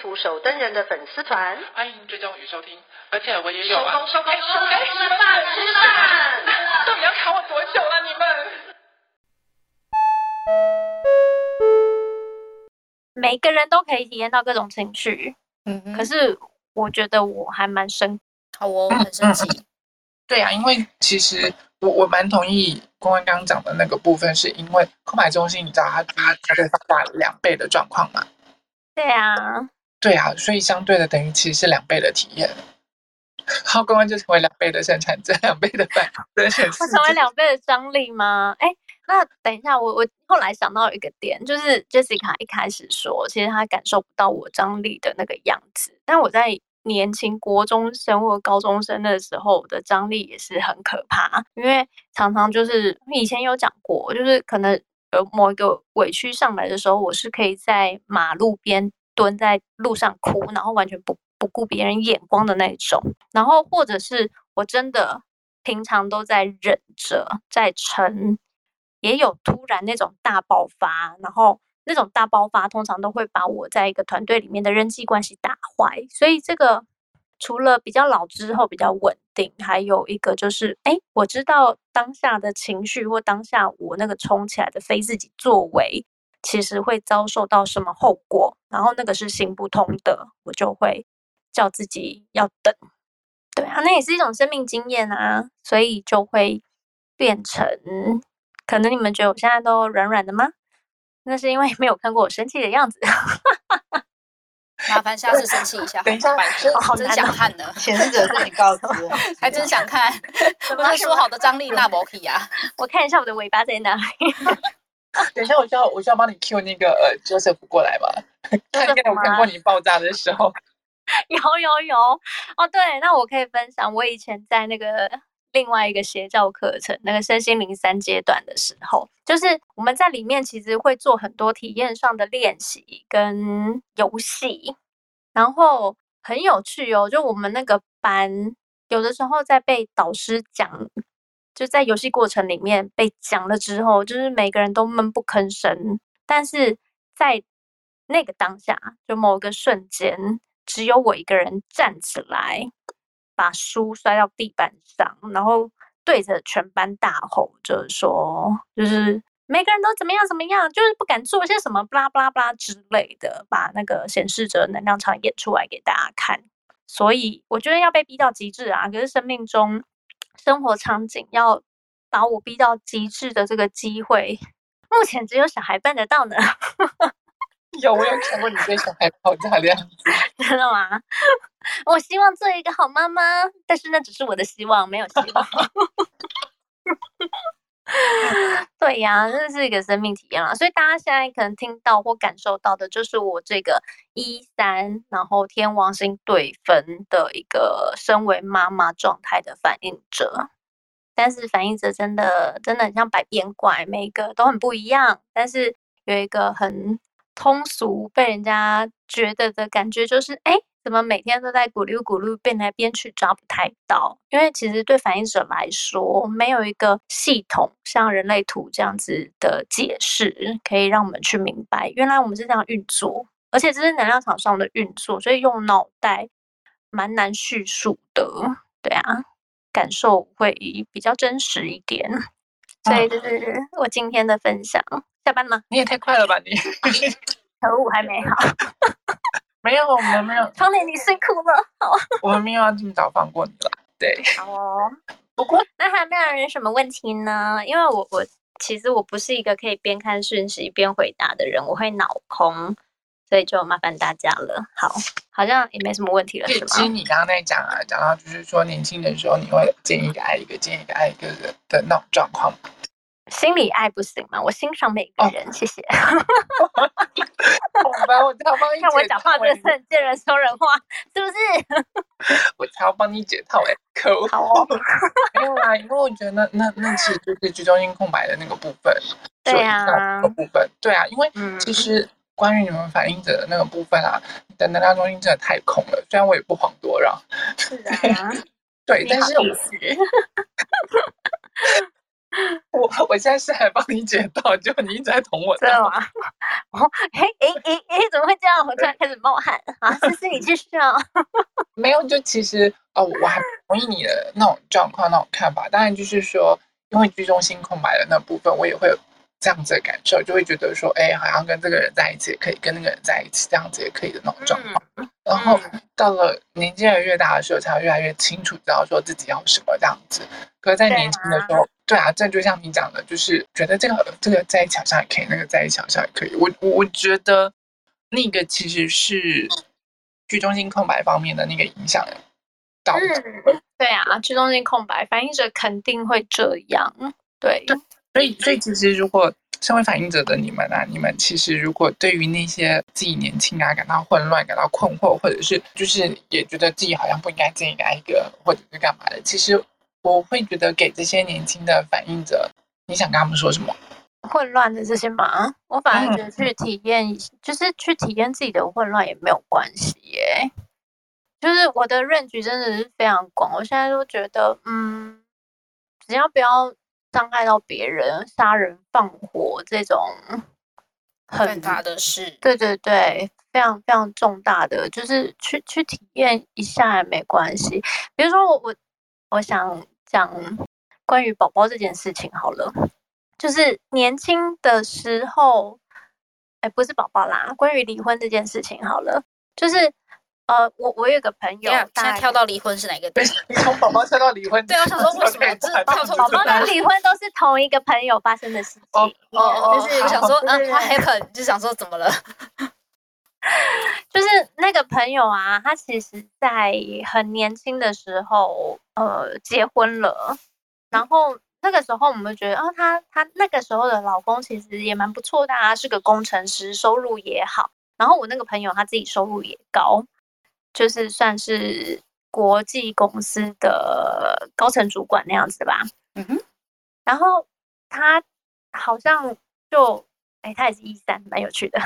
徒手登人的粉絲團，歡迎追蹤與收聽，而且我也有收、啊、收工收工吃飯、欸、吃飯，到底要卡我多久啊？你們每個人都可以體驗到各種情緒，嗯、可是我覺得我還蠻生，好，我很生氣。嗯嗯、對啊、嗯，因為其實我我蠻同意關關剛剛講的那個部分，是因為空白中心你知道它，、嗯、它，它大概放大兩倍的狀況嘛？對啊。對啊，所以相對的等於其實是兩倍的體驗，然後關關就成為兩倍的生產者，這兩倍的反，對， 我成為兩倍的張力嗎？哎，那等一下，我我後來想到一個點，就是 Jessica 一開始說，其實她感受不到我張力的那個樣子。但我在年輕國中生或高中生的時候，我的張力也是很可怕，因為常常就是以前有講過，就是可能有某一個委屈上來的時候，我是可以在馬路邊，蹲在路上哭，然後完全不不顧別人眼光的那種，然後或者是我真的平常都在忍着，在撐，也有突然那種大爆發，然後那種大爆發通常都會把我在一個團隊裡面的人際關係打壞，所以這個除了比較老之後比較穩定，還有一個就是，哎，我知道當下的情緒或當下我那個衝起來的非自己作為，其實會遭受到什麼後果，然後那個是行不通的，我就會叫自己要等。對啊，那也是一種生命經驗啊，所以就會變成，可能你們覺得我現在都軟軟的嗎？那是因為沒有看過我生氣的樣子。 麻煩下次生氣一下。 等一下好，哦好哦，真想看的，前 者是你告知， 還真想看。不 是說好的張力那麼皮呀？我看一下我的尾巴在哪裡。 等一下，我需要我需要幫你 Q 那個呃 Joseph 過來吧。他 應我看過你爆炸的時候 。有有有哦，對，那我可以分享。我以前在那個另外一個邪教課程，那個身心靈三階段的時候，就是我們在裡面其實會做很多體驗上的練習跟遊戲，然後很有趣哦。就我們那個班，有的時候在被導師講。就在遊戲過程裡面被講了之後，就是每個人都悶不吭聲，但是在那個當下，就某一個瞬間，只有我一個人站起來，把書摔到地板上，然後對着全班大吼，就說：“就是每個人都怎麼樣怎麼樣，就是不敢做些什麼，巴拉巴拉巴拉之類的，把那個顯示者的能量場演出來給大家看。”所以我覺得要被逼到極致啊！可是生命中。生活場景要把我逼到極致的這個機會，目前只有小孩辦得到呢。 有，我有看過你對小孩吵架的樣子， 真的嗎？我希望做一個好媽媽，但是那只是我的希望，沒有希望。 嗯、對呀、啊，這是一個生命體驗啊。所以大家現在可能聽到或感受到的，就是我這個一三，然後天王星對分的一個身為媽媽狀態的反映者。但是反映者真的真的很像百變怪，每一個都很不一樣。但是有一個很通俗被人家覺得的感覺，就是哎。誒怎麼每天都在咕嚕咕嚕變來變去，抓不太到？因為其實對反映者來說，我們沒有一個系統像人類圖這樣子的解釋，可以讓我們去明白原來我們是這樣運作，而且這是能量場上的運作，所以用腦袋蠻難敘述的。對啊，感受會比較真實一點。啊、所以這是我今天的分享。下班了，你也太快了吧！你可 惡還沒好。 沒有，我們沒有。窗簾，你辛苦了。好，我們沒有要這麼早放過你了。對。好、哦。不過， 那還沒有人有什麼問題呢？因為我我其實我不是一個可以邊看訊息邊回答的人，我會腦空，所以就麻煩大家了。好，好像也沒什麼問題了。是吧，其實你剛剛在講啊，講到就是說年輕的時候你會見一個愛一個，見一個愛一個人的那種狀況。心理愛不行嗎？我欣賞每個人，oh. 謝謝。好吧，我才要幫你。看我講話真是見人說人話，是不是？我才要幫你解套哎、欸！ 好，套欸、 好哦。 沒有啊，因為我覺得那那那其實就是居中性空白的那個部分。對啊。那個部分對啊，因為其實關於你們反映者的那個部分啊，的能量中心真的太空了。雖然我也不遑多讓。是的啊 對。對，但是我。我。 我我現在是還幫你解套，就你一直在捅我。真的嗎？哦，哎哎哎怎麼會這樣？我突然開始冒汗。啊， 這是你就是啊。沒有，就其實哦，我還同意你的那種狀況、那種看法。當然，就是說，因為居中心空白的那部分，我也會有這樣子的感受，就會覺得說，哎，好像跟這個人在一起也可以，跟那個人在一起這樣子也可以的那種狀況。嗯、然後到了年紀越來越大的時候，才會越來越清楚，知道說自己要什麼這樣子。可是在年輕的時候。對啊，這就像你講的，就是覺得這個這個在牆上也可以，那個在牆上也可以。我我我覺得那個其實是劇中心空白方面的那個影響。導致、嗯、對啊，劇中心空白反映者肯定會這樣。對，對所以所以其實如果身為反映者的你們啊，你們其實如果對於那些自己年輕啊感到混亂、感到困惑，或者是就是也覺得自己好像不應該接一個或者是幹嘛的，其實。我會覺得給這些年輕的反映者，你想跟他們說什麼？混亂的這些嘛，我反而覺得去體驗、嗯，就是去體驗自己的混亂也沒有關係耶。就是我的 range 真的是非常廣，我現在都覺得，嗯，只要不要傷害到別人，殺人放火這種很大的事，對對對，非常非常重大的，就是去去體驗一下也沒關係。比如說我我我想。嗯講關於寶寶這件事情好了，就是年輕的時候，哎，不是寶寶啦，關於離婚這件事情好了，就是呃，我我有個朋友個，他挑跳到離婚是哪個？對，你從寶寶 你從寶寶跳到離婚。對我、啊、 想說為什麼這、這跳這？寶寶跟離婚都是同一個朋友發生的事情。哦哦哦，就是我想說，嗯，他還很就想說怎麼了？ 就是那個朋友啊，他其實在很年輕的時候。呃，結婚了，然後那個時候我們就覺得，啊、哦，她她那個時候的老公其實也蠻不錯的、啊，是個工程師，收入也好。然後我那個朋友他自己收入也高，就是算是國際公司的高層主管那樣子吧。嗯哼。然後他好像就，哎，他也是一三，蠻有趣的。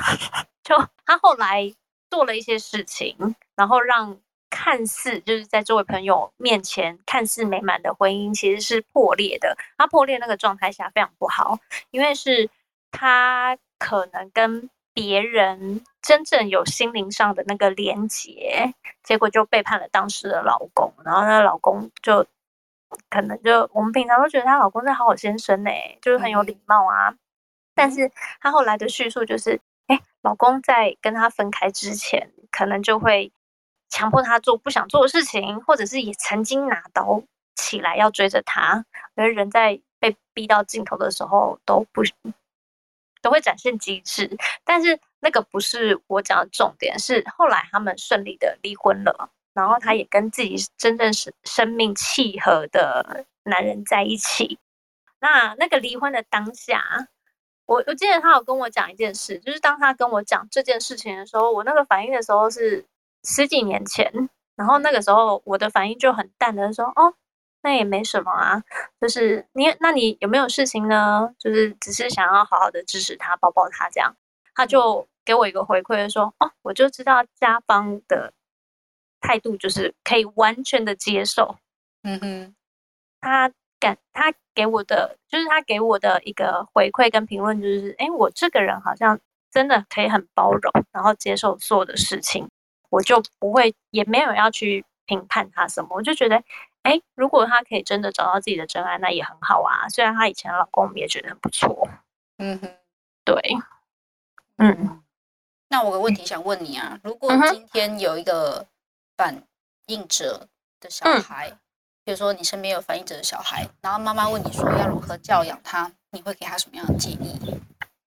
就他後來做了一些事情，然後讓，看似就是在這位朋友面前看似美滿的婚姻，其實是破裂的。她破裂那個狀態下非常不好，因為是她可能跟別人真正有心靈上的那個連結，結果就背叛了當時的老公。然後她的老公就可能就我們平常都覺得她老公是好好先生呢、欸，就是很有禮貌啊。嗯、但是她後來的敘述就是，哎、欸，老公在跟她分開之前，可能就會。強迫他做不想做的事情，或者是也曾經拿刀起來要追着他。而人在被逼到盡頭的時候，都不都會展現機智。但是那個不是我講的重點，是後來他們順利的離婚了，然後他也跟自己真正是生命契合的男人在一起。那那個離婚的當下，我我記得他有跟我講一件事，就是當他跟我講這件事情的時候，我那個反應的時候是，十幾年前，然後那個時候我的反應就很淡的說：“哦，那也沒什麼啊，就是你那你有沒有事情呢？就是只是想要好好的支持他，抱抱他這樣。”他就給我一個回饋的說：“哦，我就知道家方的態度就是可以完全的接受。”嗯嗯。他感他給我的就是他給我的一個回饋跟評論就是：“哎，我這個人好像真的可以很包容，然後接受所有的事情。”我就不會，也沒有要去評判他什麼。我就覺得，哎、欸，如果他可以真的找到自己的真愛，那也很好啊。雖然他以前的老公也覺得很不錯。嗯哼，對，嗯。嗯，那我有個問題想問你啊，如果今天有一個反應者的小孩，嗯、比如說你身邊有反應者的小孩，嗯、然後媽媽問你說要如何教養他，你會給他什麼樣的建議？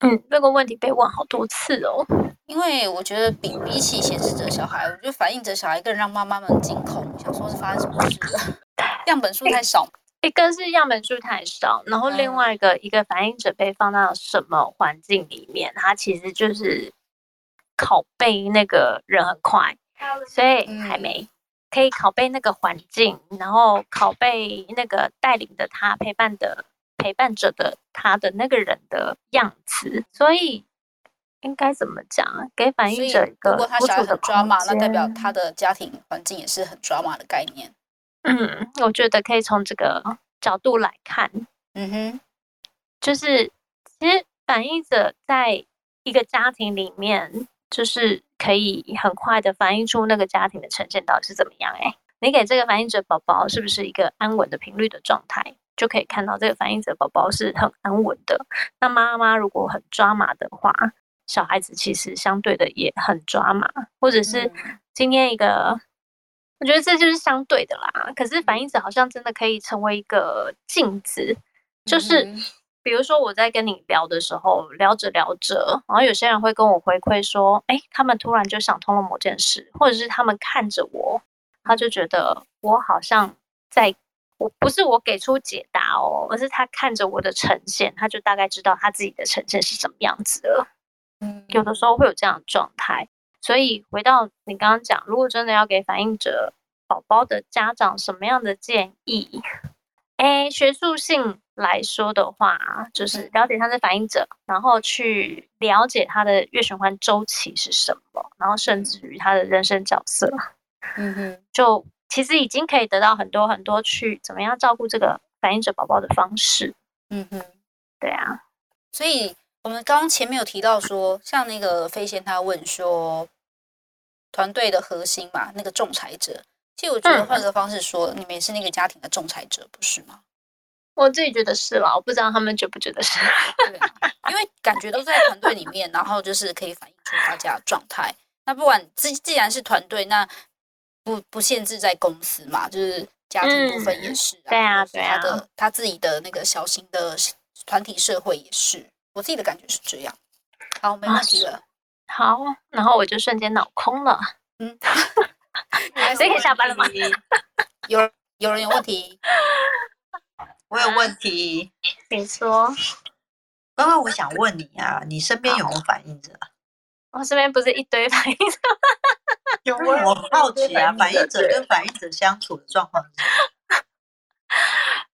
嗯，這、那個問題被問好多次哦。因為我覺得比比起顯示者小孩，我覺得反映者小孩更讓媽媽們驚恐。想說是發生什麼事了？樣本數太少，一、欸、個、欸、是樣本數太少，然後另外一個、嗯、一個反映者被放到什麼環境裡面，他其實就是拷貝那個人很快，嗯、所以還沒可以拷貝那個環境，然後拷貝那個帶領的他陪伴的陪伴者的他的那個人的樣子，所以。應該怎麼講啊？給反映者一個。如果他小孩很抓馬，那代表他的家庭環境也是很抓馬的概念。嗯，我覺得可以從這個角度來看。嗯哼，就是其實反映者在一個家庭裡面，就是可以很快的反映出那個家庭的呈現到底是怎麼樣，欸。哎，你給這個反映者寶寶是不是一個安穩的頻率的狀態，就可以看到這個反映者寶寶是很安穩的。那媽媽如果很抓馬的話。小孩子其實相對的也很抓馬，或者是今天一個、嗯，我覺得這就是相對的啦。可是反映者好像真的可以成為一個鏡子，就是比如說我在跟你聊的時候，聊着聊着，然後有些人會跟我回饋說，哎，他們突然就想通了某件事，或者是他們看着我，他就覺得我好像在，我不是我給出解答哦，而是他看着我的呈現，他就大概知道他自己的呈現是什麼樣子了。有的時候會有這樣的狀態，所以回到你剛剛講，如果真的要給反映者寶寶的家長什麼樣的建議？哎、欸，學術性來說的話，就是了解他的反映者、嗯，然後去了解他的月循環周期是什麼，然後甚至於他的人生角色，嗯哼，就其實已經可以得到很多很多去怎麼樣照顧這個反映者寶寶的方式，嗯哼，對啊，所以。我們剛剛前面有提到說，像那個飛仙他問說，團隊的核心嘛，那個仲裁者，其實我覺得換個方式說，嗯、你們也是那個家庭的仲裁者，不是嗎？我自己覺得是啦，我不知道他們覺不覺得是，對啊、 因為感覺都在團隊裡面，然後就是可以反映出大家的狀態。那不管既、既然是團隊，那不、不限制在公司嘛，就是家庭部分也是、啊嗯嗯，對啊，對啊，他自己的那個小型的團體社會也是。我自己的感覺是這樣。好，沒問題的、啊、好，然後我就瞬間腦空了。嗯，誰可以下班了嗎？ 有有人有問題？啊、我有問題。你說。剛剛我想問你啊，你身邊有沒有反映者？我身邊不是一堆反映者。有、啊、我好奇啊反，反映者跟反映者相處的狀況是什麼？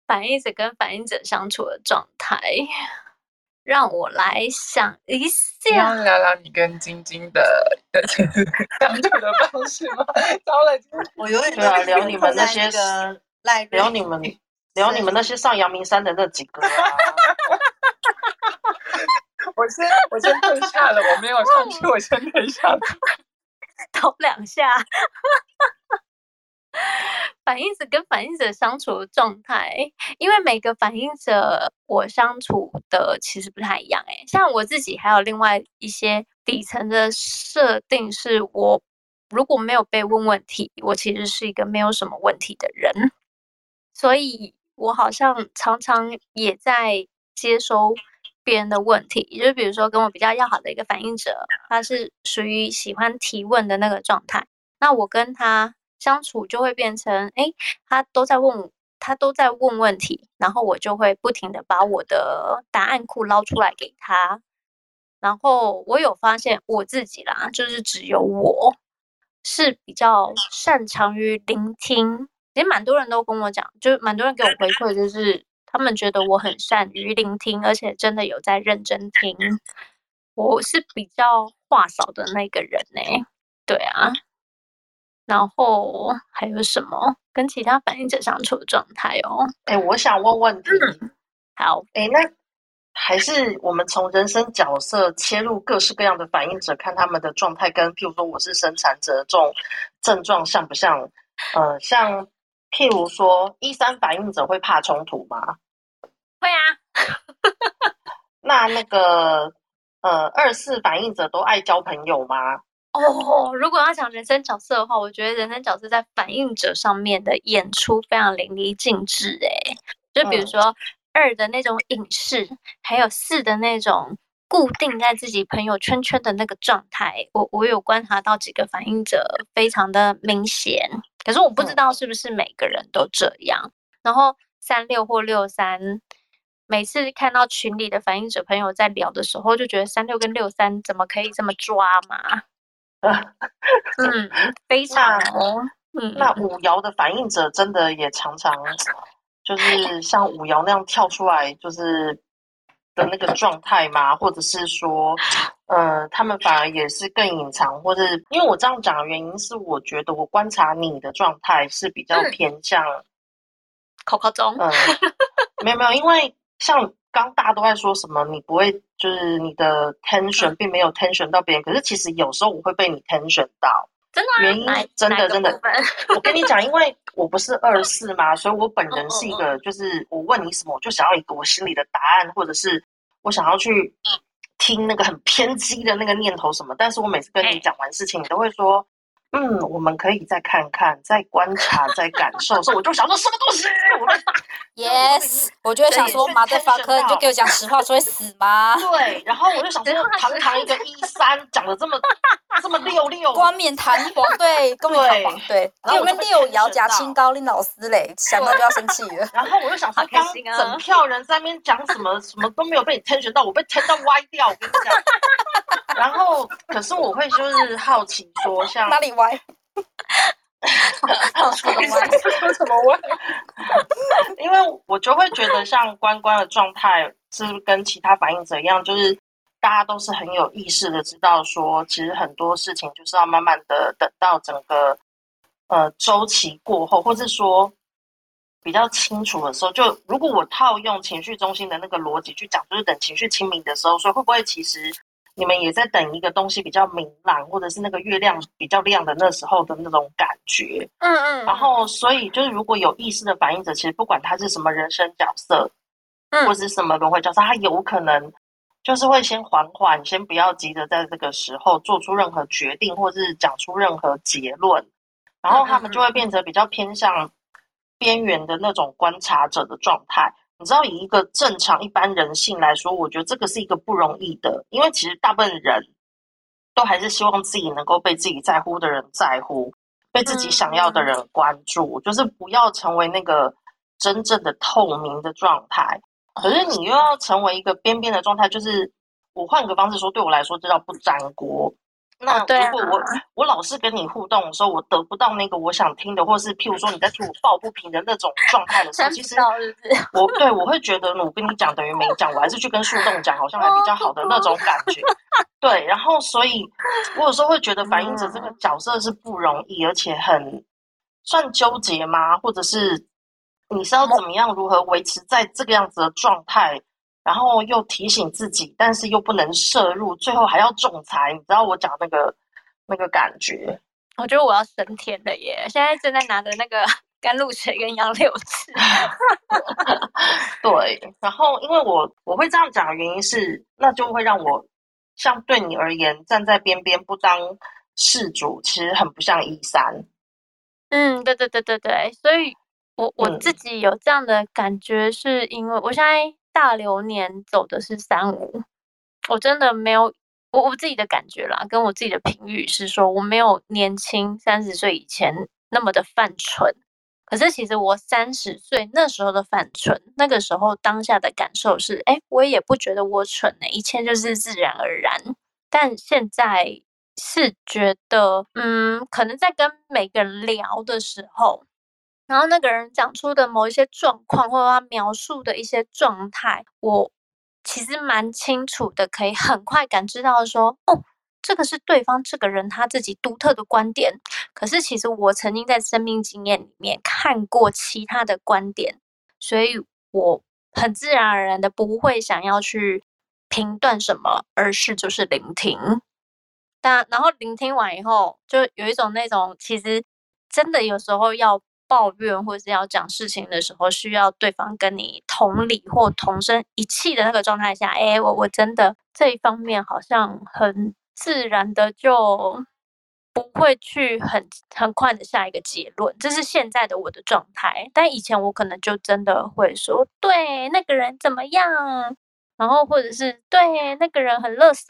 反映者跟反映者相處的狀態。讓我來想一下，聊、啊、聊、啊啊啊啊、你跟晶晶的相處、就是、的方式嗎？當然，我有點想聊你們那些聊,、那個、聊你們聊你們,聊你們那些上陽明山的那幾個、啊 我。我先我先等下了，我沒有上去，我先等一下了。頭 兩頭兩下。 反映者跟反映者相處的狀態，因為每個反映者我相處的其實不太一樣、欸、像我自己還有另外一些底層的設定是，我如果沒有被問問題，我其實是一個沒有什麼問題的人，所以我好像常常也在接收別人的問題，就是、比如說跟我比較要好的一個反映者，他是屬於喜歡提問的那個狀態，那我跟他。相處就會變成，誒、欸、他都在問我，他都在問問題，然後我就會不停的把我的答案庫撈出來給他。然後我有發現我自己啦，就是只有我是比較擅長於聆聽，其實蠻多人都跟我講，就蠻多人給我回饋，就是他們覺得我很善於聆聽，而且真的有在認真聽。我是比較話少的那個人呢、欸，對啊。然後還有什麼跟其他反應者相處的狀態哦？哎、欸，我想問問、嗯。好，哎、欸，那還是我們從人生角色切入各式各樣的反應者，看他們的狀態，跟譬如說我是生產者的這種症狀像不像？呃，像譬如說一三反應者會怕衝突嗎？會啊。 那那個呃，二四反應者都愛交朋友嗎？哦，如果要講人生角色的話，我覺得人生角色在反映者上面的演出非常淋漓盡緻。誒就比如說二的那種隱士、嗯、還有四的那種固定在自己朋友圈圈的那個狀態，我我有觀察到幾個反映者非常的明顯。可是我不知道是不是每個人都這樣。嗯、然後三六或六三，每次看到群裡的反映者朋友在聊的時候，就覺得三六跟六三怎麼可以這麼抓馬？ 嗯，非常哦， 嗯，那五爻的反應者真的也常常，就是像五爻那樣跳出來，就是的那個狀態嘛， 或者是說，呃，他們反而也是更隱藏，或者因為我這樣講的原因是，我覺得我觀察你的狀態是比較偏向考考中，嗯，沒、嗯、有、嗯、 沒有，因為像。當大家都在說什麼，你不會就是你的 tension 並沒有 tension 到別人、嗯，可是其實有時候我會被你 tension 到，真的，啊，原因真的真的。真的 我跟你講，因為我不是二四嘛，嗯，所以我本人是一個哦哦哦就是我問你什麼，我就想要一個我心裡的答案，或者是我想要去聽那個很偏激的那個念頭什麼。但是我每次跟你講完事情，okay. 你都會說。嗯，我們可以再看看，再觀察，再感受。 所以我就想說，什麼東西我？Yes，我就，我就想說德就我，瑪德法克，你就給我講實話，說會死嗎？對。然後我就想說，堂堂一個一三，講得這麼這麼溜溜，冠冕堂皇，對，冠冕堂皇，對。然後我們六搖夾清高，令老師嘞，想到就要生氣，然後我又想說，當整票人在那邊講什麼 什麼都沒有被你 tension 到， 我被 tension 到歪掉，我跟你講。 然後，可是我會就是好奇說，像哪裡歪， 因為我就會覺得，像關關的狀態是跟其他反應者一樣，就是大家都是很有意識的，知道說其實很多事情就是要慢慢的等到整個呃周期過後，或者說比較清楚的時候，就如果我套用情緒中心的那個邏輯去講，就是等情緒清明的時候，所以會不會其實。你們也在等一個東西比較明朗，或者是那個月亮比較亮的那時候的那種感覺。嗯嗯。然後，所以就是如果有意識的反應者，其實不管他是什麼人生角色，嗯，或者是什麼輪迴角色，嗯，他有可能就是會先緩緩，先不要急着在這個時候做出任何決定，或者是講出任何結論。然後他們就會變成比較偏向邊緣的那種觀察者的狀態。你知道以一個正常一般人性來說，我覺得這個是一個不容易的，因為其實大部分人都還是希望自己能夠被自己在乎的人在乎，被自己想要的人關注，嗯、就是不要成為那個真正的透明的狀態。可是你又要成為一個邊邊的狀態，就是我換個方式說，對我來說這叫不粘鍋。那如果我對、啊、我老是跟你互動的時候，我得不到那個我想聽的，或者是譬如說你在替我抱不平的那種狀態的時候，其實我對我會覺得我跟你講等於沒講，我還是去跟樹洞講，好像還比較好的那種感覺。對，然後所以我有時候會覺得反映者這個角色是不容易、嗯，而且很算糾結嗎？或者是你是要怎麼樣如何維持在這個樣子的狀態？然後又提醒自己，但是又不能涉入，最後還要仲裁，你知道我講那個那個感覺？我覺得我要升天了耶！現在正在拿着那個甘露水跟楊柳枝。 對，然後因為我我會這樣講的原因是，那就會讓我像對你而言站在邊邊不當事主，其實很不像一三。嗯，對對對對對，對，所以我我自己有這樣的感覺，是因為、嗯、我現在。大流年走的是三五，我真的沒有我我自己的感覺啦，跟我自己的評語是說我沒有年輕三十歲以前那麼的犯蠢，可是其實我三十歲那時候的犯蠢，那個時候當下的感受是，哎，我也不覺得我蠢呢、欸，一切就是自然而然。但現在是覺得，嗯，可能在跟每個人聊的時候。然後那個人講出的某一些狀況，或者他描述的一些狀態，我其實蠻清楚的，可以很快感知到說，說哦，這個是對方這個人他自己獨特的觀點。可是其實我曾經在生命經驗裡面看過其他的觀點，所以我很自然而然的不會想要去評斷什麼，而是就是聆聽。但然後聆聽完以後，就有一種那種其實真的有時候要。抱怨或是要講事情的時候，需要對方跟你同理或同聲一氣的那個狀態下，哎、欸，我我真的這一方面好像很自然的就不會去很很快的下一個結論，這是現在的我的狀態。但以前我可能就真的會說，對，那個人怎麼樣，然後或者是對，那個人很垃圾，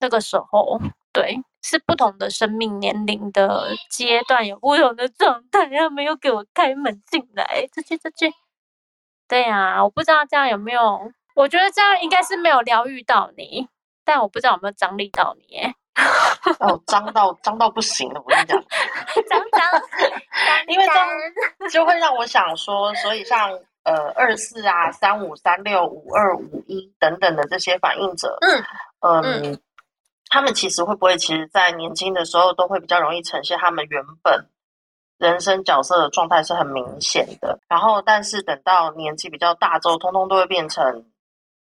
那個時候對。是不同的生命年齡的階段，有不同的狀態。他沒有給我開門進來，這句這句對呀、啊，我不知道這樣有沒有，我覺得這樣應該是沒有療癒到你，但我不知道有沒有張力到你耶。哦，張到張到不行了，我跟你講，張張死， 因為張就會讓我想說，所以像呃二四啊、三五、三六、五二、五一等等的這些反映者，嗯嗯。嗯他們其實會不會，其實，在年輕的時候，都會比較容易呈現他們原本人生角色的狀態，是很明顯的。然後，但是等到年紀比較大之後，通通都會變成，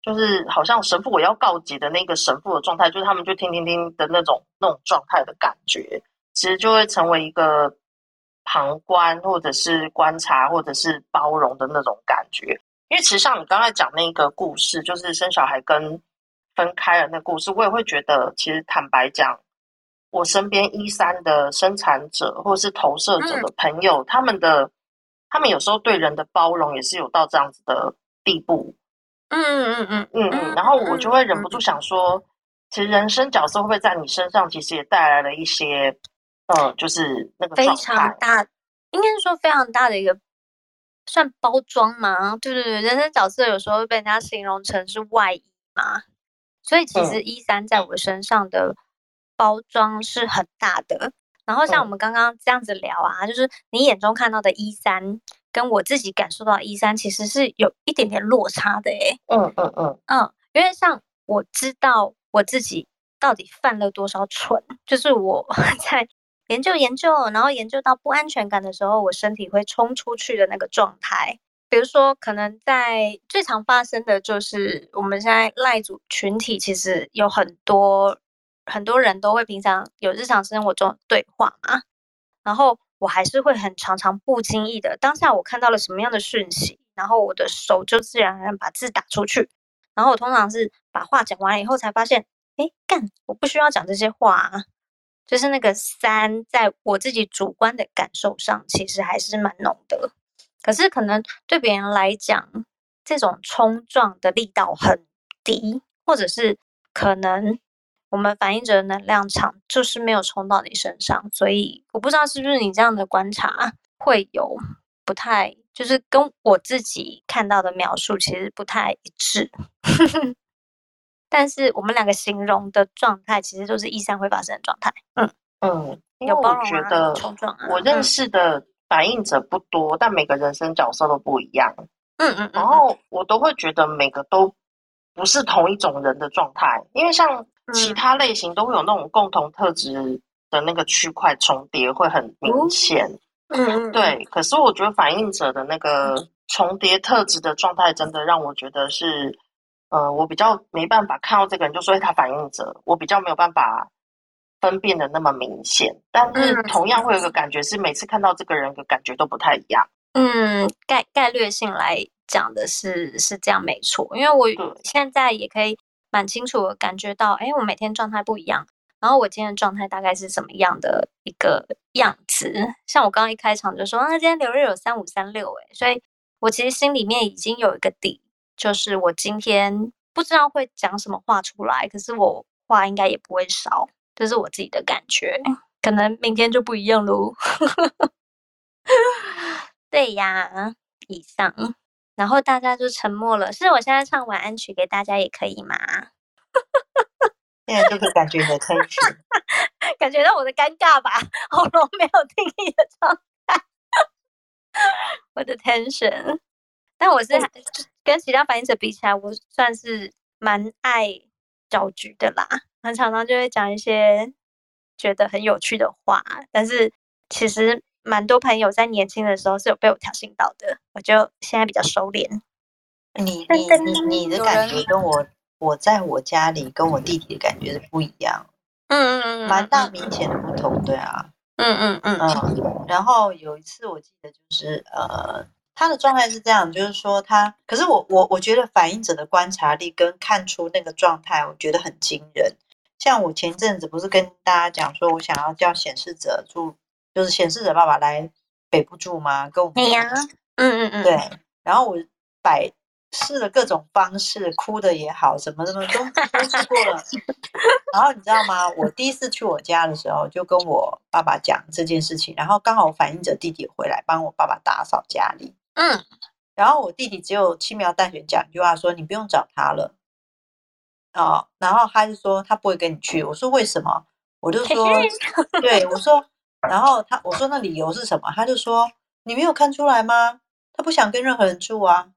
就是好像神父我要告急的那個神父的狀態，就是他們就聽聽聽的那種那種狀態的感覺，其實就會成為一個旁觀，或者是觀察，或者是包容的那種感覺。因為其實像你剛才講那個故事，就是生小孩跟。分開了那個故事，我也會覺得，其實坦白講，我身邊一三的生產者或者是投射者的朋友，嗯、他們的他們有時候對人的包容也是有到這樣子的地步。嗯嗯嗯嗯嗯，然後我就會忍不住想說、嗯嗯，其實人生角色會不會在你身上，其實也帶來了一些，呃、嗯，就是那個非常大，應該是說非常大的一個算包裝嗎？對對對，人生角色有時候會被人家形容成是外衣嘛。所以其實一三在我身上的包裝是很大的，嗯，然後像我們剛剛這樣子聊啊，嗯，就是你眼中看到的一三，跟我自己感受到一三其實是有一點點落差的誒、欸、嗯嗯嗯嗯，因為像我知道我自己到底犯了多少蠢，就是我在、嗯、研究研究，然後研究到不安全感的時候，我身體會衝出去的那個狀態。比如說，可能在最常發生的就是，我們現在賴主群體其實有很多很多人都會平常有日常生活中對話嘛，然後我還是會很常常不經意的當下我看到了什麼樣的訊息，然後我的手就自然而然把字打出去，然後我通常是把話講完了以後才發現，誒，幹，我不需要講這些話啊，就是那個三，在我自己主觀的感受上，其實還是蠻濃的。可是，可能對別人來講，這種衝撞的力道很低，或者是可能我們反映者能量場，就是沒有衝到你身上，所以我不知道是不是你這樣的觀察會有不太，就是跟我自己看到的描述其實不太一致。呵呵，但是我們兩個形容的狀態，其實都是意象會發生的狀態。嗯嗯，因為、啊、覺得衝撞、啊，我認識的、嗯。反應者不多，但每個人生角色都不一樣。嗯嗯，然後我都會覺得每個都不是同一種人的狀態，因為像其他類型都會有那種共同特質的那個區塊重疊會很明顯。嗯，嗯，嗯對。可是我覺得反應者的那個重疊特質的狀態，真的讓我覺得是，呃，我比較沒辦法看到這個人，就所以他反應者，我比較沒有辦法分辨得那麼明顯，但是同樣會有個感覺，是每次看到這個人的感覺都不太一樣。嗯，概概略性來講的是是這樣，沒錯。因為我現在也可以蠻清楚的感覺到，哎、欸，我每天狀態不一樣，然後我今天的狀態大概是怎麼樣的一個樣子。像我剛剛一開場就說，啊、嗯，今天流日有三五三六，誒，所以我其實心裡面已經有一個底，就是我今天不知道會講什麼話出來，可是我話應該也不會少。這是我自己的感覺，可能明天就不一樣嘍。 對呀，以上，然後大家就沉默了。是我現在唱晚安曲給大家也可以嗎？現、yeah, 在 這個感覺很 tension 感覺到我的尷尬吧？喉嚨沒有聽力的狀態，我的 tension。但我是跟其他反映者比起來，我算是蠻愛。攪局的啦，很常常就會講一些覺得很有趣的話，但是其實蠻多朋友在年輕的時候是有被我挑釁到的，我就現在比較收斂。你你你你的感覺跟我我在我家裡跟我弟弟的感覺是不一樣，嗯嗯嗯，蠻大明顯的不同，對啊，嗯嗯嗯，嗯，嗯。然後有一次我記得就是呃。他的狀態是這樣，就是說他，可是我我我覺得反映者的觀察力跟看出那個狀態，我覺得很驚人。像我前陣子不是跟大家講說，我想要叫顯示者住，就是顯示者爸爸來北部住嗎？跟我。呀，嗯嗯嗯，對。然後我擺試了各種方式，哭的也好，什麼什麼都都試過了。 然後你知道嗎？我第一次去我家的時候，就跟我爸爸講這件事情，然後剛好反映者弟弟回來幫我爸爸打掃家裡。嗯，然後我弟弟只有輕描淡寫講一句話說：“你不用找他了。”哦，然後他就說他不會跟你去。我說為什麼？我就說， 對我說，然後他我說那理由是什麼？他就說你沒有看出來嗎？他不想跟任何人住啊。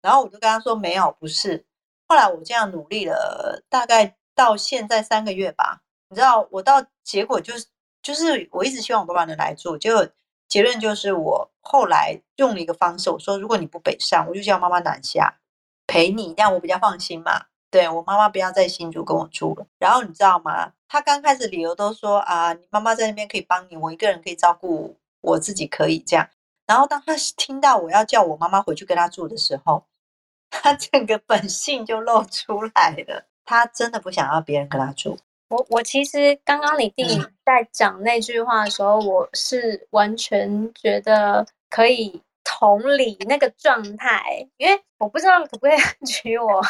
然後我就跟他說沒有，不是。後來我這樣努力了大概到現在三個月吧，你知道我到結果就是就是我一直希望我爸爸能來住，結果結論就是我。後來用了一個方式，我說如果你不北上，我就叫媽媽南下陪你，這樣我比較放心嘛。對我媽媽不要在新竹跟我住了。然後你知道嗎？她剛開始理由都說啊，你媽媽在那邊可以幫你，我一個人可以照顧我自己，可以這樣。然後當她聽到我要叫我媽媽回去跟她住的時候，她整個本性就露出來了，她真的不想要別人跟她住。我我其實剛剛你弟在講那句話的時候，嗯、我是完全覺得。可以同理那個狀態，因為我不知道可不可以舉我，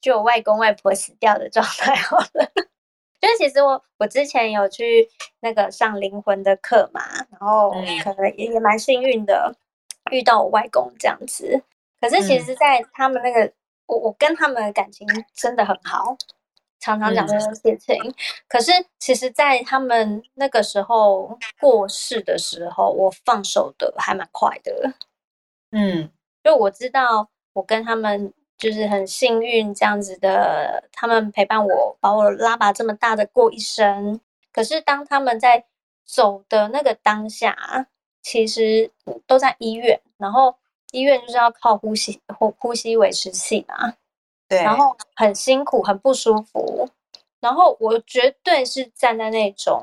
就我外公外婆死掉的狀態好了。 就其實我我之前有去那個上靈魂的課嘛，然後可能也、嗯、也蠻幸運的遇到我外公這樣子。可是其實，在他們那個，嗯、我我跟他們的感情真的很好。常常講這些事情、嗯，可是其實，在他們那個時候過世的時候，我放手的還蠻快的。嗯，因為我知道我跟他們就是很幸運，這樣子的，他們陪伴我，把我拉拔這麼大的過一生。可是當他們在走的那個當下，其實都在醫院，然後醫院就是要靠呼吸、呼呼吸維持器嘛。對，然後很辛苦，很不舒服。然後我絕對是站在那種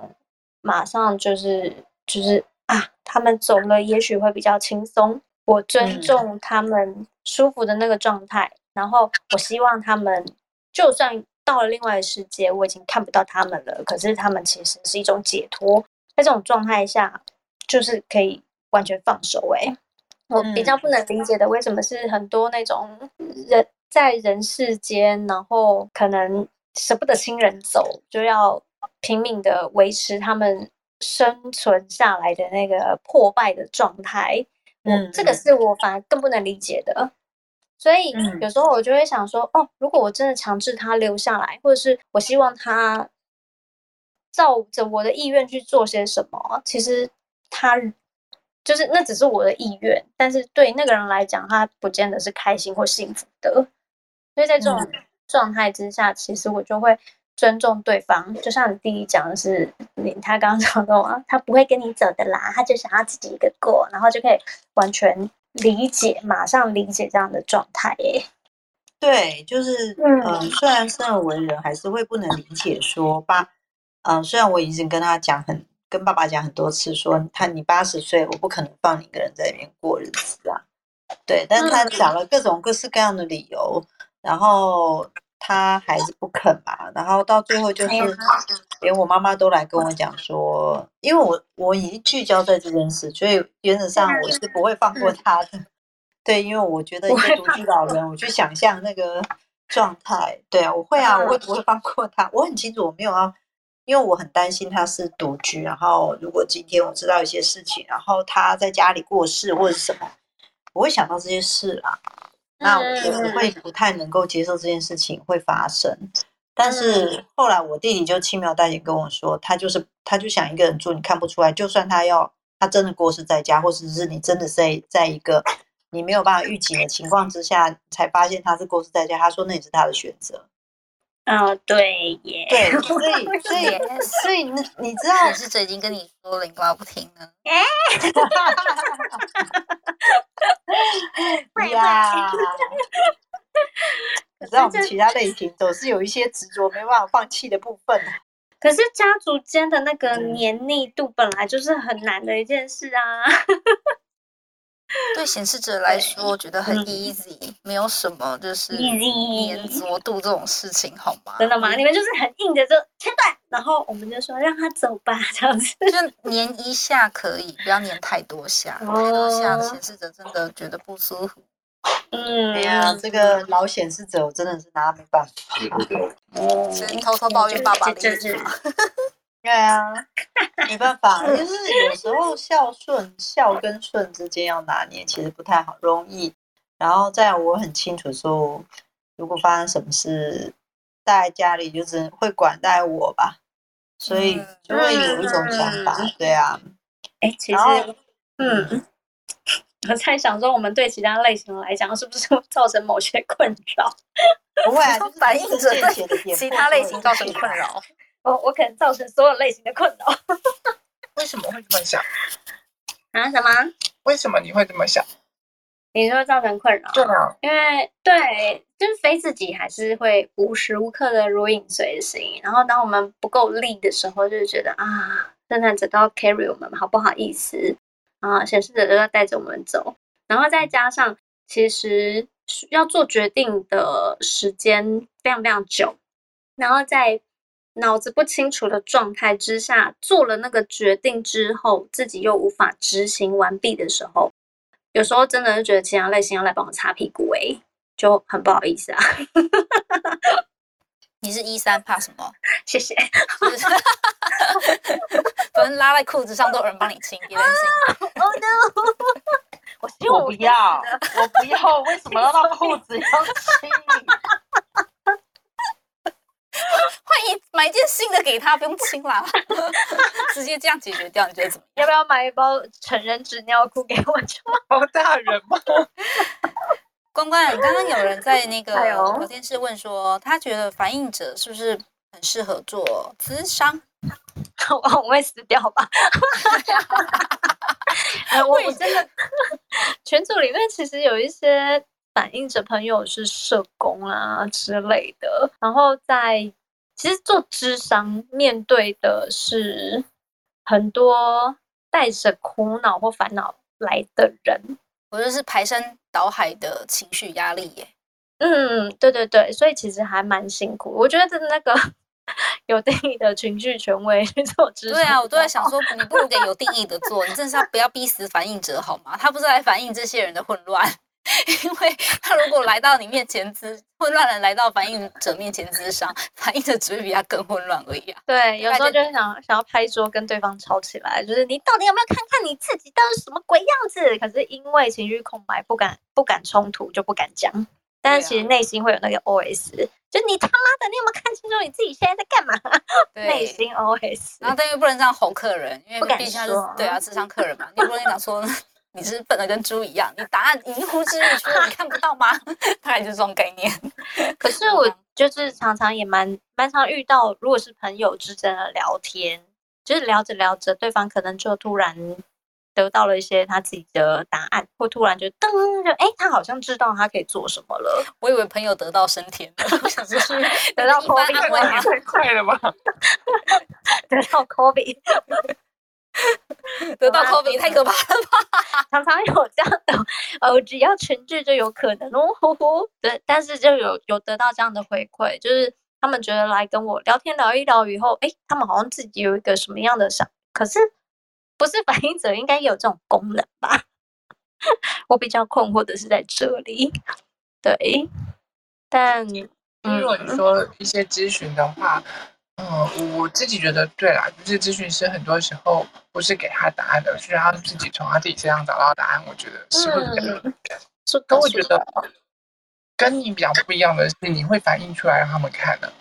馬上就是就是啊，他們走了也許會比較輕鬆。我尊重他們舒服的那個狀態。嗯、然後我希望他們，就算到了另外的世界，我已經看不到他們了，可是他們其實是一種解脫。在這種狀態下，就是可以完全放手、欸。哎、嗯，我比較不能理解的，為什麼是很多那種人。在人世間，然後可能捨不得親人走，就要拼命的維持他們生存下來的那個破敗的狀態。嗯，哦，這個是我反而更不能理解的。所以，嗯，有時候我就會想說，哦，如果我真的強制他留下來，或者是我希望他照着我的意願去做些什麼，其實他就是那只是我的意願，但是對那個人來講，他不見得是開心或幸福的。所以在這種狀態之下、嗯，其實我就會尊重對方。就像你第一講的是，你他剛剛講到啊，他不會跟你走的啦，他就想要自己一個過，然後就可以完全理解，馬上理解這樣的狀態耶。對，就是嗯、呃，雖然身為文人，還是會不能理解說爸，嗯、呃，雖然我已經跟他講很跟爸爸講很多次說，說他你八十歲，我不可能放你一個人在那邊過日子啊、嗯，對，但他講了各種各式各樣的理由。然後他還是不肯嘛，然後到最後就是連我媽媽都來跟我講說，因為我我已經聚焦在這件事，所以原則上我是不會放過他的。嗯、對，因為我覺得一個獨居老人，我去想象那個狀態，對啊，我會啊，我會不會放過他？我很清楚，我沒有啊，因為我很擔心他是獨居，然後如果今天我知道一些事情，然後他在家裡過世或者是什麼，我會想到這些事啊。那我可能會不太能夠接受這件事情會發生，但是後來我弟弟就輕描淡寫跟我說，他就是他就想一個人住，你看不出來。就算他要他真的過世在家，或者是你真的在在一個你沒有辦法預警的情況之下，才發現他是過世在家，他說那也是他的選擇。哦、oh，對耶。對，所以，所以， 所以，你你知道，我是最近跟你說了，你不要不聽呢？哎、欸，對 呀 你啦，你 知道我們其他類型總是有一些執着沒辦法放棄的部分，啊、可是家族間的那個黏膩度本來就是很難的一件事啊。 對顯示者來說，我覺得很 easy，、嗯、沒有什麼就是粘着度這種事情，easy。好嗎？真的嗎？你們就是很硬的就切斷，然後我們就說讓他走吧，這樣子。就粘一下可以，不要粘太多下，oh。太多下顯示者真的覺得不舒服。嗯，哎呀，這個老顯示者我真的是拿他沒辦法，先、 嗯、偷偷抱怨爸爸的一句。 對啊，沒辦法， 就是有時候孝順孝跟順之間要拿捏，其實不太好，容易。然後在我很清楚的時候，如果發生什麼事，在家裡就是會管待我吧，所以就會有一種想法、嗯。對啊，誒、嗯嗯欸、其實嗯，嗯，我在想說，我們對其他類型來講，是不是會造成某些困擾？不會、啊， 就是反映者對其他類型造成困擾。我、哦、我可能造成所有類型的困擾， 為什麼會這麼想啊？什麼？為什麼你會這麼想？你就會造成困擾，對啊，因為對，就是非自己還是會無時無刻的如影隨形。然後當我們不夠力的時候，就是覺得啊，偵探者都要 carry 我們，好不好意思啊？顯示者都要帶着我們走。然後再加上，其實需要做決定的時間非常非常久，然後再。腦子不清楚的狀態之下做了那個決定之後，自己又無法執行完畢的時候，有時候真的是覺得其他類型要來幫我擦屁股哎、欸，就很不好意思啊。 你是一三怕什麼？謝謝是是。 反正拉在褲子上都有人幫你清，別人清。啊 oh, o no. 我，我，我，我不要，我不要，為什麼要到褲子要清？ 換 一買一件新的給他，不用清了， 直接這樣解決掉，你覺得怎麼樣？樣，要不要買一包成人紙尿褲給我這穿？ 大人嗎？關關，剛剛有人在那個聊天室問說，他覺得反應者是不是很適合做諮商？ 我我會死掉吧？我 我、 哎、真的，群組裡面其實有一些。反映者朋友是社工啊之類的，然後在其實做諮商面對的是很多帶着苦惱或煩惱來的人，我覺得是排山倒海的情緒壓力耶。嗯，對對對，所以其實還蠻辛苦。我覺得真的那個有定義的情緒權威做諮商，對啊，我都在想說，你不如給有定義的做， 你真的要不要逼死反映者好嗎？他不是來反映這些人的混亂。 因為他如果來到你面前滋 混亂的來到反應者面前諮商，反應者只會比他更混亂而已啊。對，有時候就是想想要拍桌跟對方吵起來，就是你到底有沒有看看你自己到底什麼鬼樣子？可是因為情緒空白，不敢不敢衝突，就不敢講。但是其實內心會有那個 O S，啊、就你他媽的，你有沒有看清楚你自己現在在幹嘛，啊？內 心 O S，然後但又不能這樣吼客人，因為畢竟是不敢說對啊，諮商客人嘛， 你不能這樣說。你是，是笨的跟豬一樣，你答案呼之欲出，你看不到嗎？大 概就是這種概念。可是我就是常常也蠻蠻常遇到，如果是朋友之間的聊天，就是聊着聊着，對方可能就突然得到了一些他自己的答案，或突然就噔，就哎、欸，他好像知道他可以做什麼了。我以為朋友得到升天，我想說是得到 COVID 太快了吧？得到 COVID。 得到 COVID  得到 COVID、嗯啊、太可怕了吧？嗯啊、 常常有這樣的，只要群聚就有可能哦。哦，對，但是就有有得到這樣的回饋，就是他們覺得來跟我聊天聊一聊以後，哎、欸，他們好像自己有一個什麼樣的想，可是不是反映者應該有這種功能吧？ 我比較困惑的是在這裡。對，但、嗯嗯、如果你說一些諮詢的話。嗯嗯，我自己覺得對啦，就是諮詢師很多時候不是給他答案的，的、就是以他自己從他自己身上找到答案。嗯、我覺得是會，是都會覺得跟你比較不一樣的是、嗯，你會反映出來讓他們看的。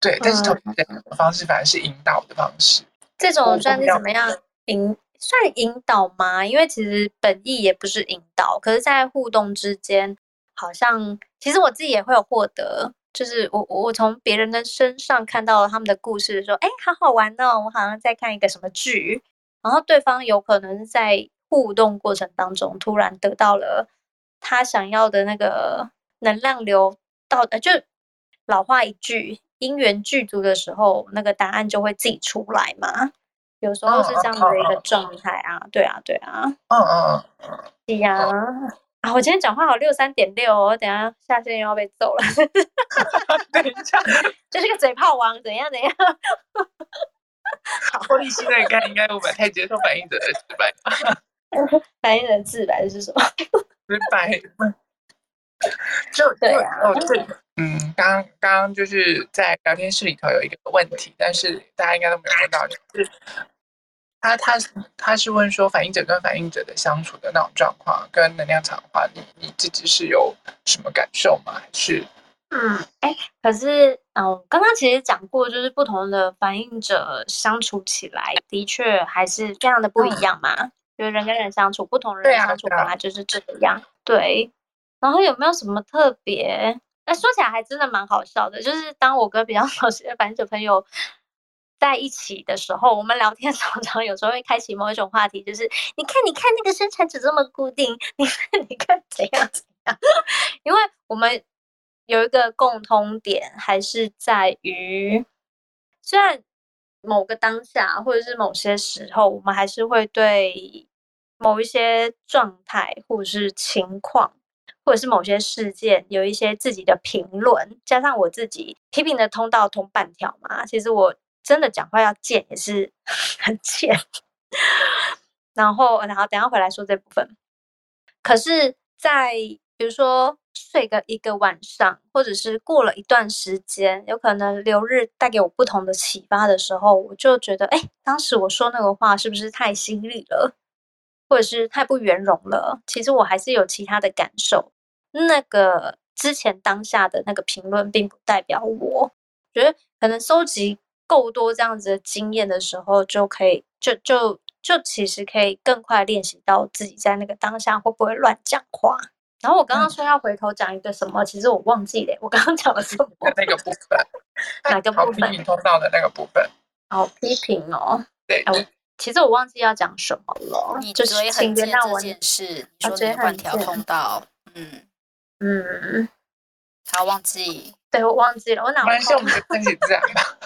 對，嗯、但是他們講的方式反而是引導的方式。這種算是怎麼樣？引，算引導嗎？因為其實本意也不是引導，可是在互動之間，好像其實我自己也會有獲得。就是我我我從別人的身上看到了他們的故事的時候，說、欸、哎好好玩哦！我好像在看一個什麼劇，然後對方有可能是在互動過程當中突然得到了他想要的那個能量流到，就老話一句，因緣具足的時候，那個答案就會自己出來嘛，有時候是這樣的一個狀態啊，對啊對啊，嗯嗯嗯，對、嗯、呀。嗯。啊，我今天講話好六三點六，我等下下線又要被揍了。 等一下，就是個嘴炮王，怎樣怎樣。一 好、啊，你現在看應該不太接受反映者的自白。 反映者的自白的是什麼？ 沒白， 就對、啊、哦對。嗯，剛剛就是在聊天室裡頭有一個問題，但是大家應該都沒有問到，就是。他他他是問說，反映者跟反映者的相處的那種狀況，跟能量場的話，你你自己是有什麼感受嗎？是，嗯，哎、欸，可是，嗯，剛剛其實講過，就是不同的反映者相處起來，的確還是非常的不一樣嘛。嗯、就是人跟人相處，不同人相處本來就是這樣對、啊對啊。對。然後有沒有什麼特別？那說起來還真的蠻好笑的，就是當我跟比較熟悉的反映者朋友。在一起的時候，我們聊天常常有時候會開啟某一種話題，就是你看，你看那個生產者這麼固定，你看，你看怎樣怎樣， 因為我們有一個共通點，還是在於雖然某個當下或者是某些時候，我們還是會對某一些狀態或者是情況，或者是某些事件有一些自己的評論。加上我自己批評的通道通半條嘛，其實我。真的講話要賤也是很賤，然後然後等一下回來說這部分。可是，在比如說睡個一個晚上，或者是過了一段時間，有可能流日帶給我不同的啟發的時候，我就覺得，哎，當時我說那個話是不是太犀利了，或者是太不圓融了？其實我還是有其他的感受。那個之前當下的那個評論，並不代表我，我覺得可能收集。夠多這樣子的經驗的時候，就可以就就就，就其實可以更快練習到自己在那個當下會不會亂講話。然後我剛剛說要回頭講一個什麼、嗯，其實我忘記了，我剛剛講的是 那個部分？ 哪個部分？好批評通道的那個部分。好批評哦。對、啊。其實我忘記要講什麼了。你最近很見這件事，你說你換條通道。嗯嗯。好，忘記。對我忘記了，我哪？沒關係，我們再分解字啊。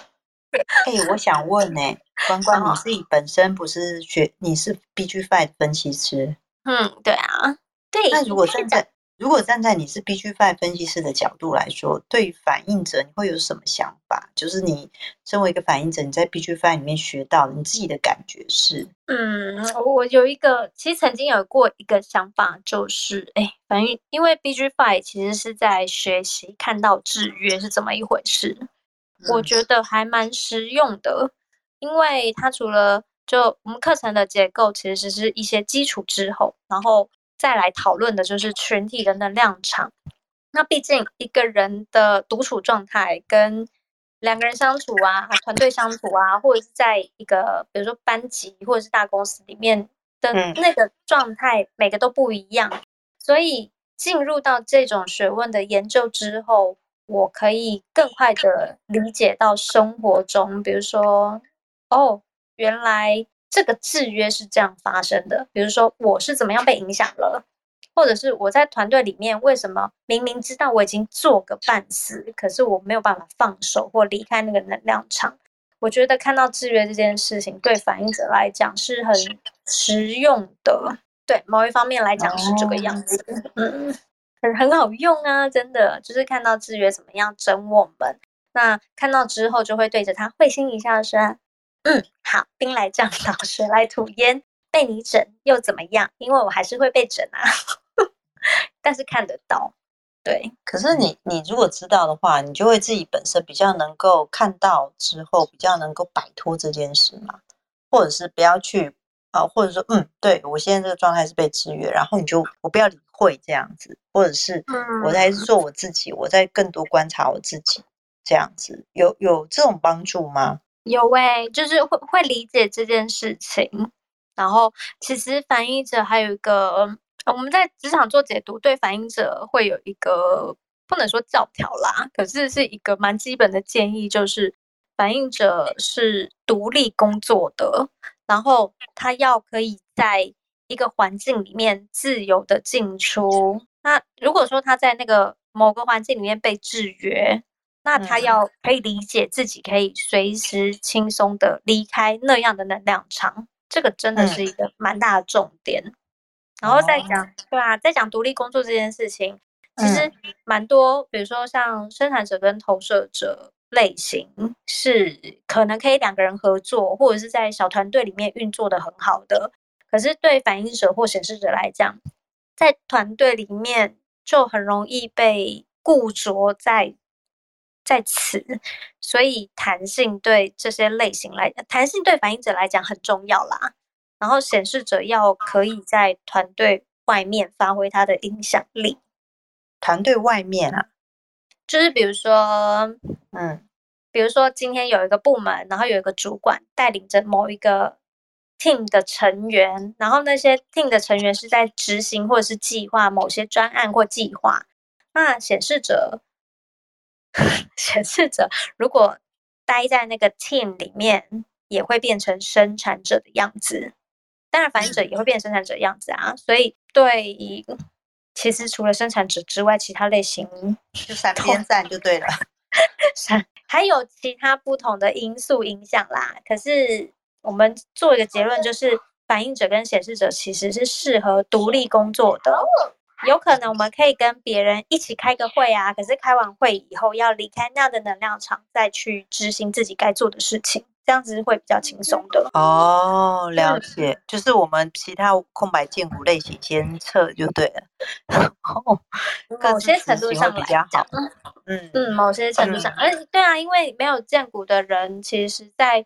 誒、 欸，我想問呢，欸，關關，你自己本身不是學，你是 BG Five 分析師。嗯，對啊，對。那如果站在，啊，如果站在你是 BG Five 分析師的角度來說，對反映者你會有什麼想法？就是你身為一個反映者，你在 BG Five 裡面學到，你自己的感覺是？嗯，我有一個，其實曾經有過一個想法，就是誒、欸、反應，因為 BG Five 其實是在學習看到制約是怎麼一回事。我覺得還蠻實用的，因為它除了就我們課程的結構，其實只是一些基礎之後，然後再來討論的就是群體的能量場。那畢竟一個人的獨處狀態跟兩個人相處啊，團隊相處啊，或者是在一個比如說班級或者是大公司裡面的那個狀態，每個都不一樣。所以進入到這種學問的研究之後。我可以更快的理解到生活中，比如說，哦，原來這個制約是這樣發生的。比如說，我是怎麼樣被影響了，或者是我在團隊裡面為什麼明明知道我已經做個半死，可是我沒有辦法放手或離開那個能量場？我覺得看到制約這件事情，對反映者來講是很實用的。對某一方面來講是這個樣子。哦嗯很很好用啊，真的，就是看到制約怎麼樣整我們，那看到之後就會對着他會心一笑說，嗯，好，兵來將擋，水來土掩，被你整又怎麼樣？因為我還是會被整啊，呵呵，但是看得到，對，可是你你如果知道的話，你就會自己本身比較能夠看到之後，比較能夠擺脫這件事嘛，或者是不要去啊，或者說，嗯，對，我現在這個狀態是被制約，然後你就我不要理。會這樣子，或者是我在做我自己，嗯，我在更多觀察我自己，這樣子有有這種幫助嗎？有誒、欸，就是會會理解這件事情。然後其實反映者還有一個，我們在職場做解讀，對反映者會有一個不能說教條啦，可是是一個蠻基本的建議，就是反映者是獨立工作的，然後他要可以在。一個環境裡面自由的進出。那如果說他在那個某個環境裡面被制約，那他要可以理解自己可以隨時輕鬆的離開那樣的能量場，這個真的是一個蠻大的重點。嗯、然後再講，哦、對啊，再講獨立工作這件事情，其實蠻多，比如說像生產者跟投射者類型，是可能可以兩個人合作，或者是在小團隊裡面運作的很好的。可是對反映者或顯示者來講，在團隊裡面就很容易被固着在在此，所以彈性對這些類型來講，彈性對反映者來講很重要啦。然後顯示者要可以在團隊外面發揮他的影響力，團隊外面啊，就是比如說，嗯，比如說今天有一個部門，然後有一個主管帶領着某一個。team 的成員，然後那些 team 的成員是在執行或者是計劃某些專案或計劃。那顯示者，顯 示者如果待在那個 team 裡面，也會變成生產者的樣子。當然，反映者也會變成生產者的樣子啊。 所以，對於其實除了生產者之外，其他類型就閃邊站就對了。閃 還有其他不同的因素影響啦。可是。我們做一個結論，就是反映者跟顯示者其實是適合獨立工作的。有可能我們可以跟別人一起開個會啊，可是開完會以後要離開那樣的能量場，再去執行自己該做的事情，這樣子會比較輕鬆的。哦，了解、嗯，就是我們其他空白薦骨類型監測就對了，然後某些程度上比較好。嗯嗯，某些程度上，哎、嗯，而對啊，因為沒有薦骨的人，其實在。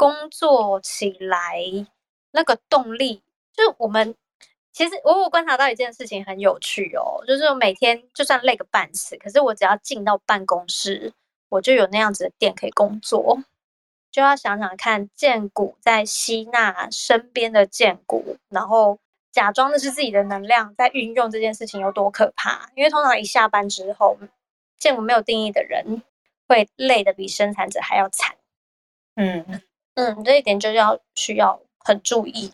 工作起來那個動力，就我們其實，我我觀察到一件事情很有趣哦，就是我每天就算累個半死，可是我只要進到辦公室，我就有那樣子的電可以工作。就要想想看，薦骨在吸納身邊的薦骨，然後假裝的是自己的能量在運用這件事情有多可怕？因為通常一下班之後，薦骨沒有定義的人會累得比生產者還要慘。嗯。嗯，這一點就要需要很注意。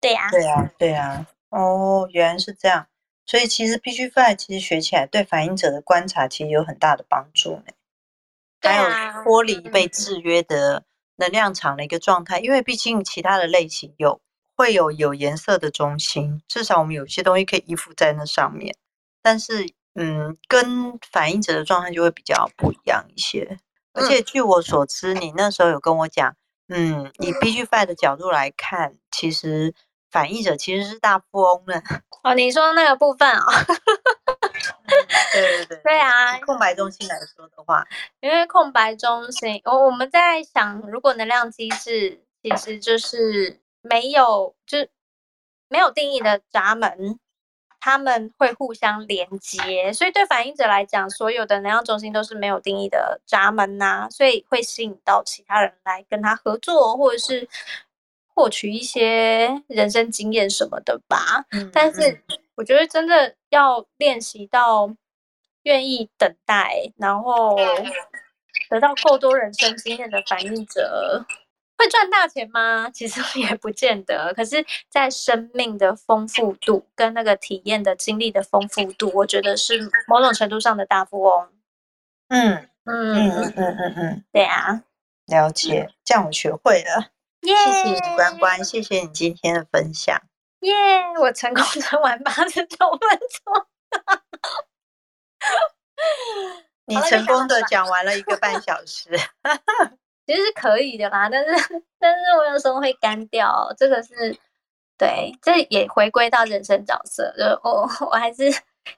對呀、啊，對呀、啊，對呀、啊。哦，原來是這樣。所以其實必須 f 其實學起來對反應者的觀察其實有很大的幫助呢。啊、還有脫離被制約的能量場的一個狀態，嗯、因為畢竟其他的類型有會有有顏色的中心，至少我們有些東西可以依附在那上面。但是嗯，跟反應者的狀態就會比較不一樣一些。嗯、而且據我所知，你那時候有跟我講。嗯，以 BG5 的角度來看，其實反映者其實是大富翁了。哦，你說那個部分啊、哦？ 嗯、對，對，對， 對對對。對啊，空白中心來說的話，因為空白中心，我我們在想，如果能量機制其實就是沒有，就是沒有定義的閘門。他們會互相連接，所以對反映者來講，所有的能量中心都是沒有定義的閘門吶、啊，所以會吸引到其他人來跟他合作，或者是獲取一些人生經驗什麼的吧。但是我覺得，真的要練習到願意等待，然後得到夠多人生經驗的反映者，會賺大錢嗎？其實也不見得。可是，在生命的豐富度跟那個體驗的、經歷的豐富度，我覺得是某種程度上的大富翁、哦。嗯嗯嗯嗯嗯嗯，對啊，了解，這樣我學會了。耶、yeah,！謝謝關關，謝謝你今天的分享。耶、yeah,！我成功的玩八十九分鐘。 你成功的講完了一個半小時。 其實是可以的啦，但是但是我有時候會乾掉，這個是對，這也回歸到人生角色，就我、哦、我還是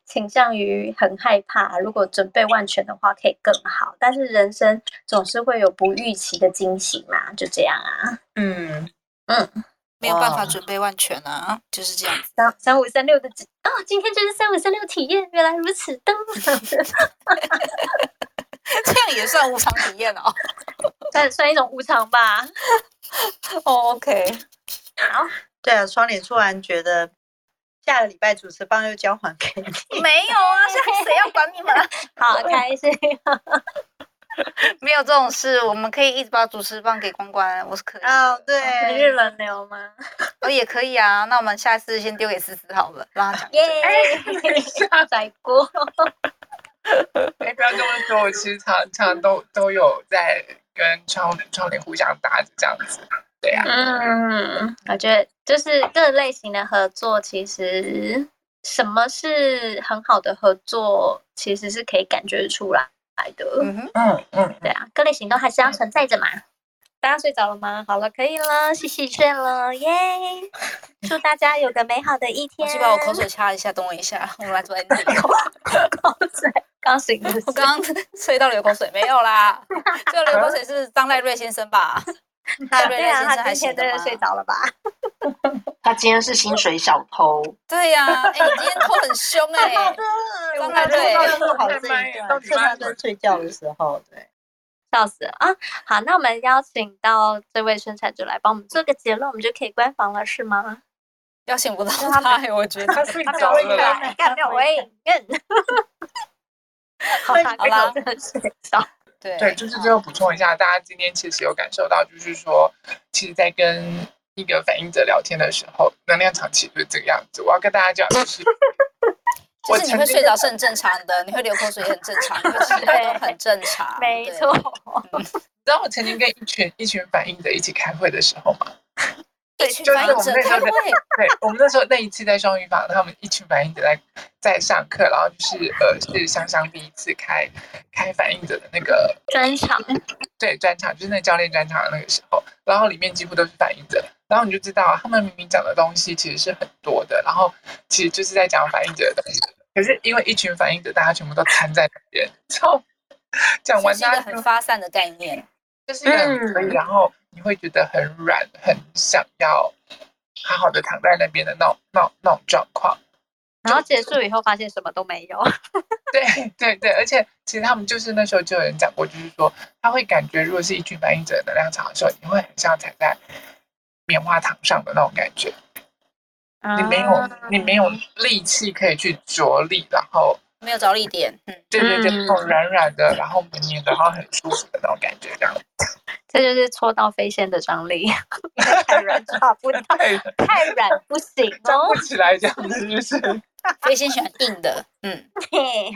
傾向於很害怕，如果準備萬全的話可以更好，但是人生總是會有不預期的驚喜嘛，就這樣啊，嗯嗯，沒有辦法準備萬全啊，嗯哦、就是這樣。三三五三六的哦，今天就是三五三六體驗，原來如此的， 這樣也算無常體驗哦。算算一種無常吧。 oh, OK，好，oh.，對啊，窗簾突然覺得下個禮拜主持棒又交還給你， 沒有啊，下次誰要管你們？ 好 開心， 沒有這種事，我們可以一直把主持棒給關關，我是可以啊，oh, 對，每、oh, 日輪流嗎？哦、 oh,，也可以啊，那我們下次先丟給思思好了，讓他講。耶、yeah, 欸，你下載過。哎， 不要這麼說，我其實常常都都有在。跟窗簾窗簾互相打，這樣子，對呀、啊。嗯，我覺得就是各類型的合作，其實什麼是很好的合作，其實是可以感覺出來的。嗯嗯嗯，對啊，各類型都還是要存在着嘛、嗯。大家睡着了嗎？好了，可以了，洗洗睡了耶！Yeah! 祝大家有個美好的一天。 我去把我口水擦一下，等我一下，我們來做一下口水。剛醒，我剛剛睡到流口水，沒有啦。這個流口水是張賴瑞先生吧？對 瑞先生他現在睡着了吧？他今天是薪水小偷。對呀，哎，今天偷、 啊欸、你今天很凶哎、欸。張 賴、欸、瑞又做好自己，專 門睡覺的時候，對，笑死了啊！好，那我們邀請到這位生產者來幫我們做，做個結論，我們就可以關房了，是嗎？邀請不到他， 我覺得他睡着了。幹 好 啦， 好的睡着。對對，就是最後補充一下， 大家今天其實有感受到，就是說，其實在跟一個反應者聊天的時候，能量場其實就是這個樣子。我要跟大家講，就是，就是你會睡着是很正常的， 你會流口水也很正常， 其實都很正常。 沒錯。你、嗯、 知道我曾經跟一群一群反應者一起開會的時候嗎？對，反應者開、就是、會。對我們那時候那一次在雙魚坊， 他們一群反應者在在上課，然後就是呃是香香第一次開開反應者的那個專場，對專場就是那教練專場的那個時候，然後裡面幾乎都是反應者，然後你就知道他們明明講的東西其實是很多的，然後其實就是在講反應者的東西，可是因為一群反應者，大家全部都癱在那邊，然後講完，是一個很發散的概念。這、就是一個可以、嗯，然後你會覺得很軟，很想要好好的躺在那邊的那種、那種、那種狀況。然後結束以後，發現什麼都沒有。 對對對，而且其實他們就是那時候就有人講過，就是說他會感覺，如果是一群反應者的能量場的時候，你會很像踩在棉花糖上的那種感覺。啊、你沒有，你沒有力氣可以去着力，然後。沒有着力點，嗯，對對對，對，然後軟軟的，然後綿綿的，然後很舒服的那種感覺，這樣。這就是戳到飛仙的張力，因為太軟抓不到， 太軟不行，哦，抓不起來，這樣子就是。飛仙喜歡硬的， 嗯，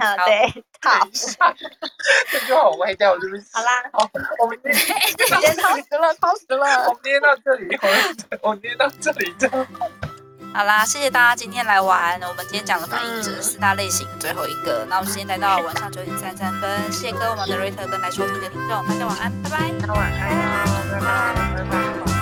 好，對，好。 這就好歪掉，是不是？好啦，好，哦，我們捏，時間超時了，超時了。我捏到這裡，我 我捏到這裡就。好啦，謝謝大家今天來玩。我們今天講的反映者四大類型最、嗯、後一個，那我們時間來到晚上九點三三分，謝謝各位我們的瑞特跟來收聽的聽眾，大家、嗯、晚安，拜拜。